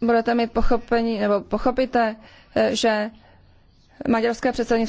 budete mít pochopení, nebo pochopíte, eh, že maďarské předsednictví